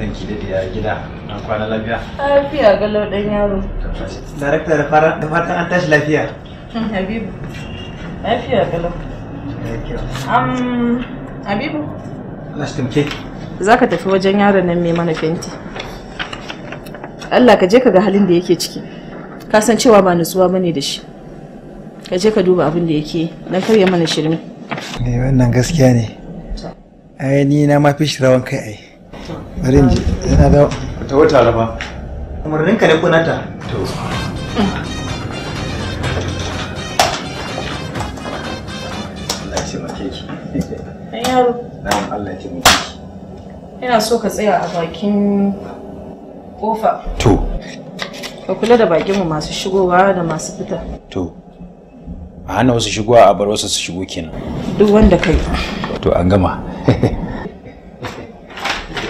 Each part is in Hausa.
dan ki ya gida an kwana lafiya lafiya ga lauɗan yaro darakta da fara da fatan an tashi lafiya hmm, habibu lafiya ga am habibu lastin ke za ka tafi wajen yaron nan mai mana fenti Allah ka je ka ga halin da yake ciki ka san cewa ba nutsuwa ba ne da shi ka je ka duba abin da yake dan karya mana shirme ne eh, wannan gaskiya ne ai ni na ma shirawan kai ai bari in ji yana da ta wata raba umarnin ka ne nata to Allah ya taimake ki ai yaro na'am Allah ya taimake ki ina so ka tsaya a bakin kofa to ka kula da bakin mu masu shigowa da masu fita to a hana wasu shigowa a bar wasu su shigo kenan duk wanda kai to an gama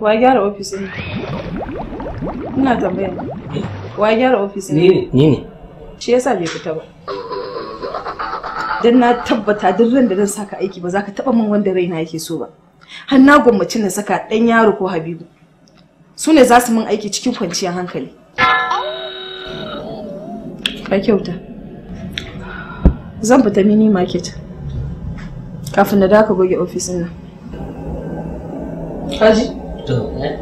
Wa gyara ofis ne? Ina tambaya. Wa gyara ofis ne? Ni ne. Ni Shi yasa bai fita ba. Dan na tabbata duk ran da zan saka aiki ba za ka taba min wanda raina yake so ba. Har na gwammaci na saka dan yaro ko Habibu. Su ne za su min aiki cikin kwanciyar hankali. Ka kyauta. Zan fita mini market. Kafin na ka goge ofisin nan. Kaji? trưởng đấy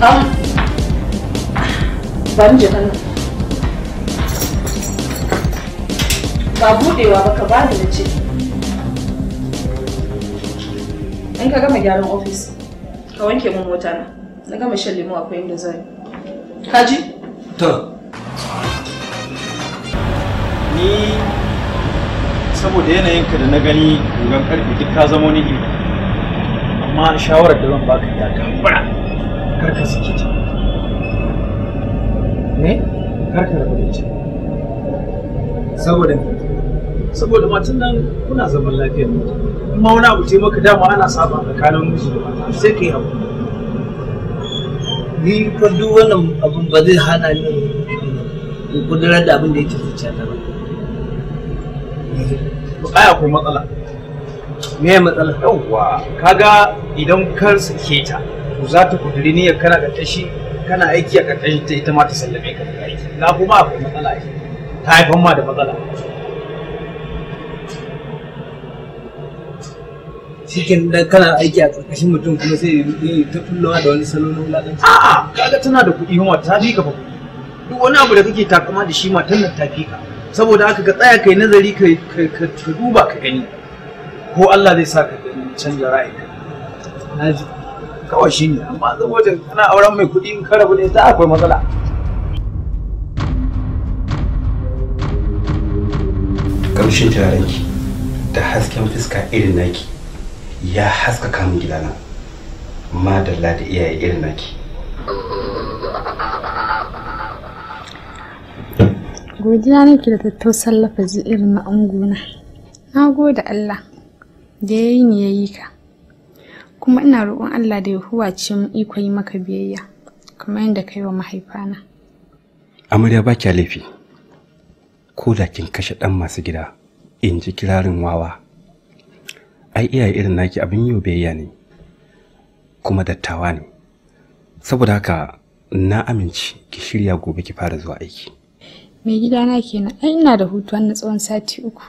Ông um, Ban jikan nan Ba budewa ba ka bani da ce In ka gama gyaran ofis ka wanke min mota na na gama shan lemo akwai inda zai ka ji to ni saboda yanayin ka da na gani gogon karfe duk ka zama wani iri amma shawarar da zan baka ya kambara kar ka sake ta ne kar ka rabu da ita saboda saboda matan nan kuna zaman lafiya kuma wani abu ce maka dama ana saba tsakanin miji da mata sai ka yi abu ni fa duk wannan abu ba zai hana ni in kudurar da abin da yake zuciya ta ba ya ko matsala me ya matsala yawwa kaga idan kar sake ta to za ta kuduri ni kana ga tashi kana aiki a ƙarƙashin ta ita ma ta sallame ka aiki na kuma akwai matsala ta haifan ma da matsala cikin da kana aiki a ƙarƙashin mutum kuma sai yi ta fullowa da wani salo na wulaƙanci. A'a kaga tana da kuɗi kuma ta fi kafa kuɗi. duk wani abu da kake takama da shi matan nan ta fi ka saboda haka ka tsaya kai nazari ka duba ka gani ko Allah zai sa ka canza ra'ayi. Na ji kawai shi ne amma saboda kana auren mai kuɗi in karabu ne ta akwai matsala. Kamshin turarenki da hasken fuska irin naki. ya haska kamun gidana madalla da iyaye irin naki godiya nake da tattausan lafazi irin na angona na gode allah da ya yi ni ya ka kuma ina roƙon allah da ya huwace mu iko yi maka biyayya kamar yadda kai wa mahaifana amarya ba kya laifi ko da kin kashe ɗan masu gida in ji kirarin wawa ai iyaye irin naki abin yi biyayya ne kuma dattawa ne saboda haka na amince ki shirya gobe ki fara zuwa aiki mai gidana kenan ai ina da hutu na tsawon sati uku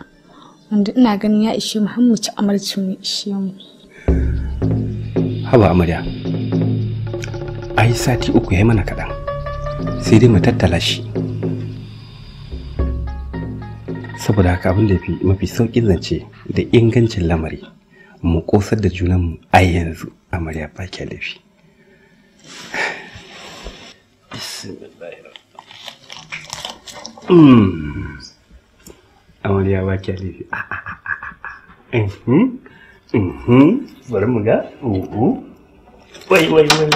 wanda ina ganin ya ishe mu har mu ci amarcin mu ishe mu haba amarya ai sati uku ya mana kaɗan sai dai mu tattala shi saboda haka abin da mafi sauƙin zance da ingancin lamari mu kosar da junanmu a yanzu amarya ba ke laifi hmm. amarya ba ke laifi ah, ah, ah, mm-hmm. Mm-hmm. bari mu ga mm-hmm. wai wai wai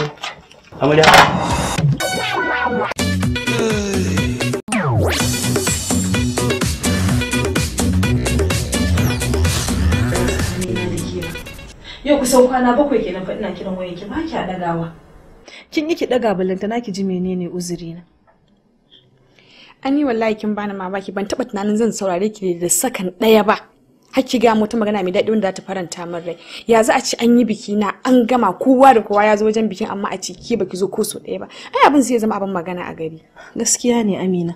amarya kusan kwana bakwai kenan fa ina kiran wayar ki baki a dagawa. Kin yi ki daga na ki ji menene uzuri na. Ani wallahi kin bani mamaki ban taba tunanin zan saurare ki da sakan daya ba. Hakki ga mu magana mai daɗi wanda za ta faranta min rai. Ya za a ci an yi biki na an gama kowa da kowa ya zo wajen bikin amma a ciki ki baki zo ko so ɗaya ba. Ai abin sai ya zama abin magana a gari. Gaskiya ne Amina.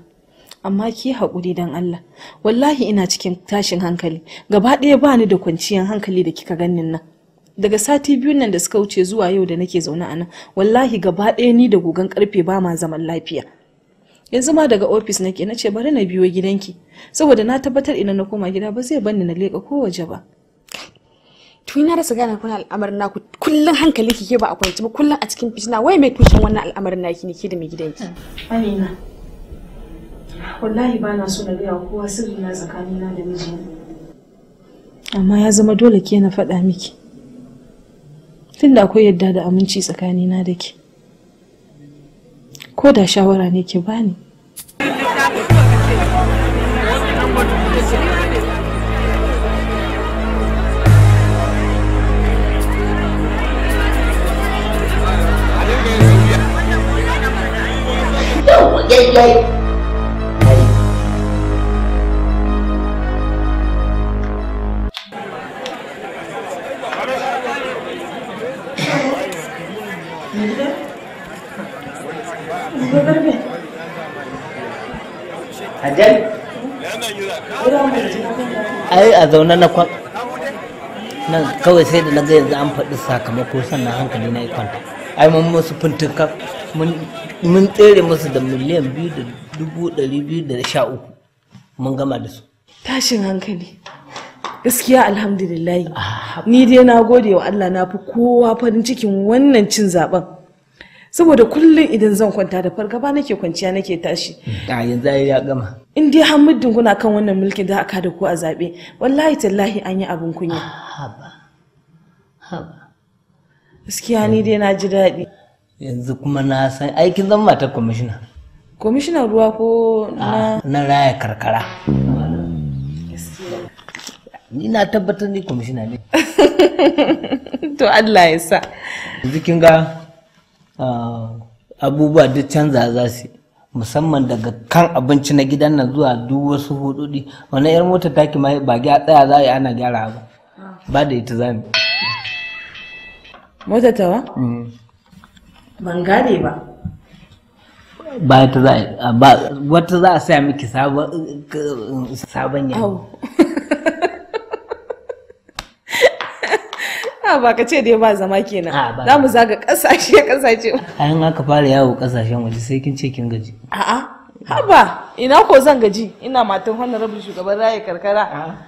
amma ki haƙuri dan Allah wallahi ina cikin tashin hankali gaba ɗaya bani da kwanciyar hankali da kika ganin nan daga sati biyun nan da suka wuce zuwa yau da nake zaune a nan wallahi gaba ɗaya ni da gogan karfe ba ma zaman lafiya yanzu ma daga ofis nake na ce bari na biyo gidanki saboda na tabbatar ina na koma gida ba zai bani na leƙa waje ba to ina rasa gane kuna al'amarin naku kullum hankali kike ba a kwance ba kullum a cikin fitina wai mai tushen wannan al'amarin naki ne ke da mai gidanki amina wallahi ba na so na gaya kowa sirri na tsakanina da mijina amma ya zama dole ke na faɗa miki tunda akwai yadda da aminci tsakanina da ke ko da shawara ne ke bani yau yau ai a zaune na kwan nan kawai sai da na ga yanzu an faɗi sakamako sannan hankali na kwanta ai mun musu fintuka mun tsere musu da miliyan biyu da dubu ɗari biyu da sha uku mun gama da su tashin hankali gaskiya alhamdulillahi ah, ni dai na gode wa allah na fi kowa farin cikin wannan cin zaben saboda kullum idan zan kwanta da fargaba nake kwanciya nake tashi a yanzu ai ya gama in dai har muddin kuna kan wannan mulkin da aka da ku a zabe wallahi tallahi an yi abin kunya haba haba gaskiya ni dai na ji daɗi yanzu kuma na san aikin zan mata kwamishina kwamishinan ruwa ko na ah, na raya karkara ni na tabbatar ni kwamishina ne to Allah ya sa yanzu kin ga Ah, abubuwa duk canza za su musamman daga kan abinci na gidan nan zuwa duk wasu hududi wani yar motar taki ma ba tsaya za a yi ana gyara ba ba da ita za mu motar tawa mm. ban gane ba ba ta za a wata za a saya miki sabon yawa ba ka ce dai ba zama kenan za mu zaga kasashe kasashe yin aka fara yawo kasashen waje sai kin ce kin gaji a'a ba ina ko zan gaji ina matan honorable shugaban raya karkara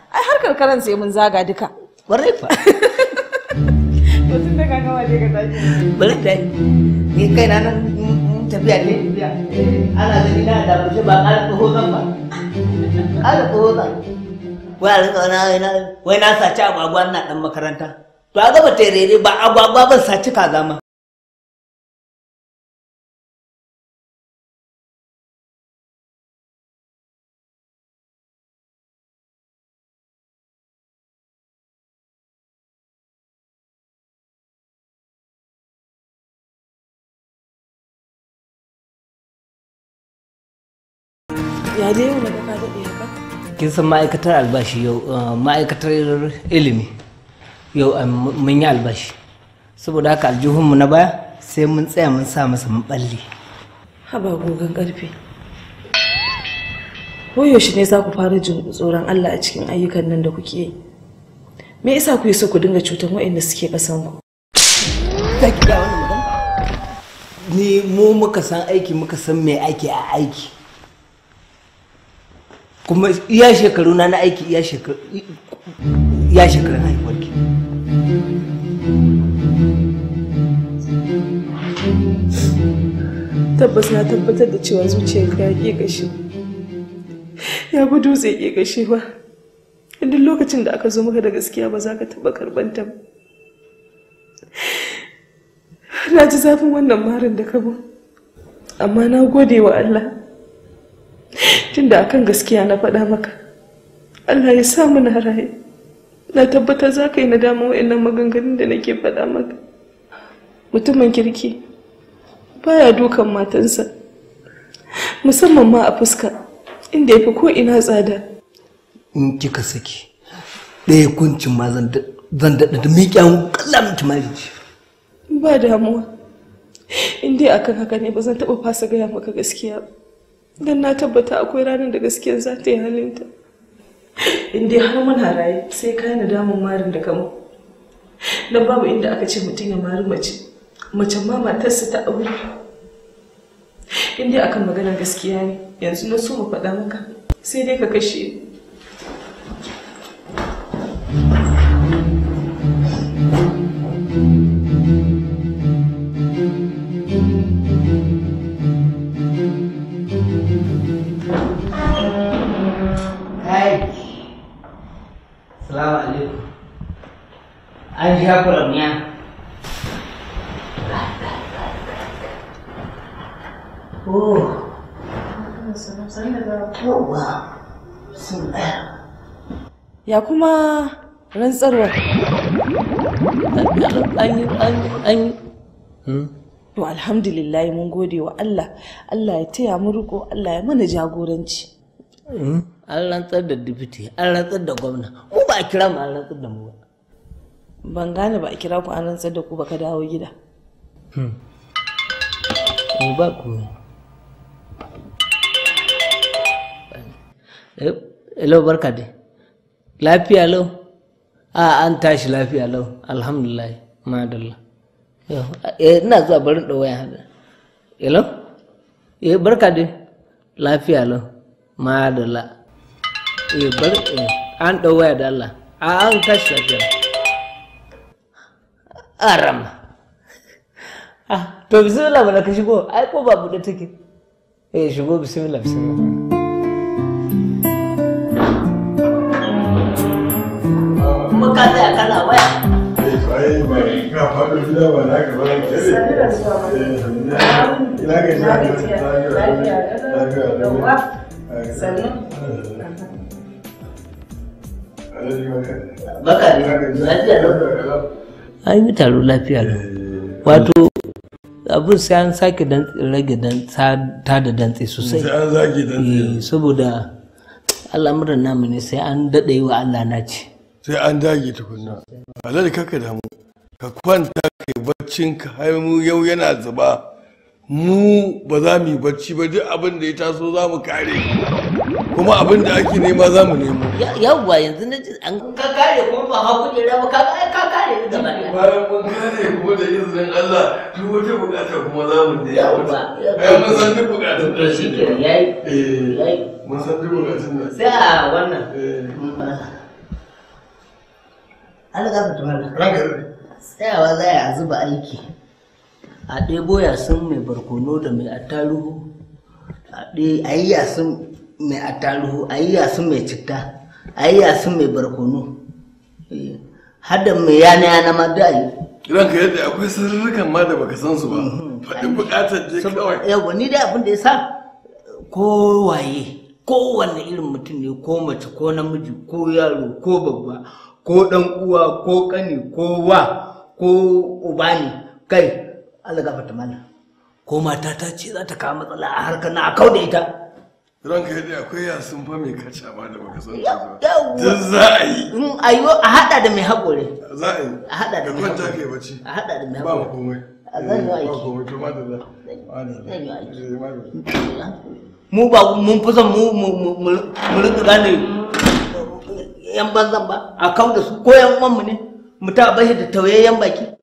ai har karkaran sai mun zaga duka kwarai fa tun da ta ni kai na nan tafiya ne ana gani na da kushe ba ƙara ƙaho zan ba ƙara ƙaho zan wai a rinka wani wai na sace gwagwa na ɗan makaranta ba ga ba terere ba agwagwa ban saci kaza ma ya dai yau na baka daɗe ba kin san ma'aikatar albashi yau eh, ma'aikatar ilimi yau eh, mun yi albashi saboda haka aljihunmu na baya sai mun tsaya mun sa masa mun balle haba gogon karfe koyaushe ne za ku fara jin tsoron Allah a cikin ayyukan nan da kuke yi me yasa ku yi so ku dinga cutan waɗanda suke kasan ku ki wannan ni mu muka san aiki muka san me ake a aiki kuma iya shekaru na na aiki iya shekaru iya na haihuwarki tabbas na tabbatar da cewa zuciyarka ya ƙi gashi ya bi dutse ƙi gashi ba duk lokacin da aka zo maka da gaskiya ba za ka taɓa karɓanta ba na ji zafin wannan marin da ka amma na gode wa Allah tunda akan gaskiya na faɗa maka Allah ya sa mu na raye na tabbata za ka yi nadama wa'annan maganganun da nake faɗa maka mutumin kirki baya dukan matansa musamman ma a fuska inda ya fi ko ina tsada in kika saki ɗaya kuncin ma zan daɗa da miƙe an kalla miki malici ba damuwa in dai akan haka ne ba zan taɓa fasa gaya maka gaskiya don na tabbata akwai ranar da gaskiya za ta yi halinta in dai har muna raye sai ka nadamun marin da kamo don babu inda aka ce mutum ya mari mace mace ma matarsa ta aure in akan maganar gaskiya ne yanzu na so mu faɗa maka sai dai ka kashe Salamu alaikum. An ji Ya kuma rantsarwar. An yi an yi. Hmm? To alhamdulillah mun gode wa Allah. Allah ya taya mu riko, Allah ya mana jagoranci. Hmm? An rantsar da dibiti, an rantsar da gwamna. Mu ba a kira mu an rantsar da mu ba. Ban gane ba a kira ku an rantsar da ku ba ka dawo gida. Hmm. Mu ba ku. Eh, hello barka dai lafiya lau a an tashi lafiya lau alhamdulillah madalla eh, ina zuwa barin da waya hada hello eh barka dai lafiya lau madalla eh bar eh, an da waya da Allah a an tashi lafiya aram ah to bismillah mana ka shigo ai ko babu da take eh shigo bismillah bismillah da eh, na ka bayan kere ina ga shi ake da an yi taro lafiya eh. wato abin sai an sake rage ta da dantse sosai eh, saboda al'amuran namu ne sai an daɗe wa Allah na ce sai an dage tukunna alal kaka damu ka kwanta baccinka mu yau yana zuba mu ba za mu yi bacci ba duk abin da ya taso za mu kare kuma abin da ake nema za mu nemo yawwa yanzu na ji an ka kare kuma ba ma kuɗi ba ka ka kare ni ba bayan mun kare kuma da izinin Allah duk wata bukata kuma za mu je yawwa ai mun san duk bukatun da shi ne eh, yayi mun san duk bukatun da sai a wannan eh. Allah ka ranka tsayawa za a zuba aiki a ɗebo yasin mai barkono da mai attaruhu a yi yasin mai attaruhu a yi yasin mai citta a yi yasin mai barkono eh, hada mai yana yana ma da yi idan ka yadda akwai sirrukan ma da baka san su ba mhm. faɗin buƙatar je kawai yawa ni dai abin da ya sa kowaye kowanne irin mutum ne ko mace ko namiji ko yaro ko babba ko ɗan uwa ko ƙani ko wa ko uba ne kai Allah ta mana ko mata ta ce za ta kawo matsala a harkar na a da ita ka yadda akwai sun fa mai kaca ba da baka san za a yi ayo a hada da mai haƙore za a yi a hada da mai haƙore a hada eh, da mai haƙore ba komai zan mu ba mun fi son mu mu mu mu gane yan banzan ba a kawo da su ko yan uwanmu ne mu ta bashi da yan baki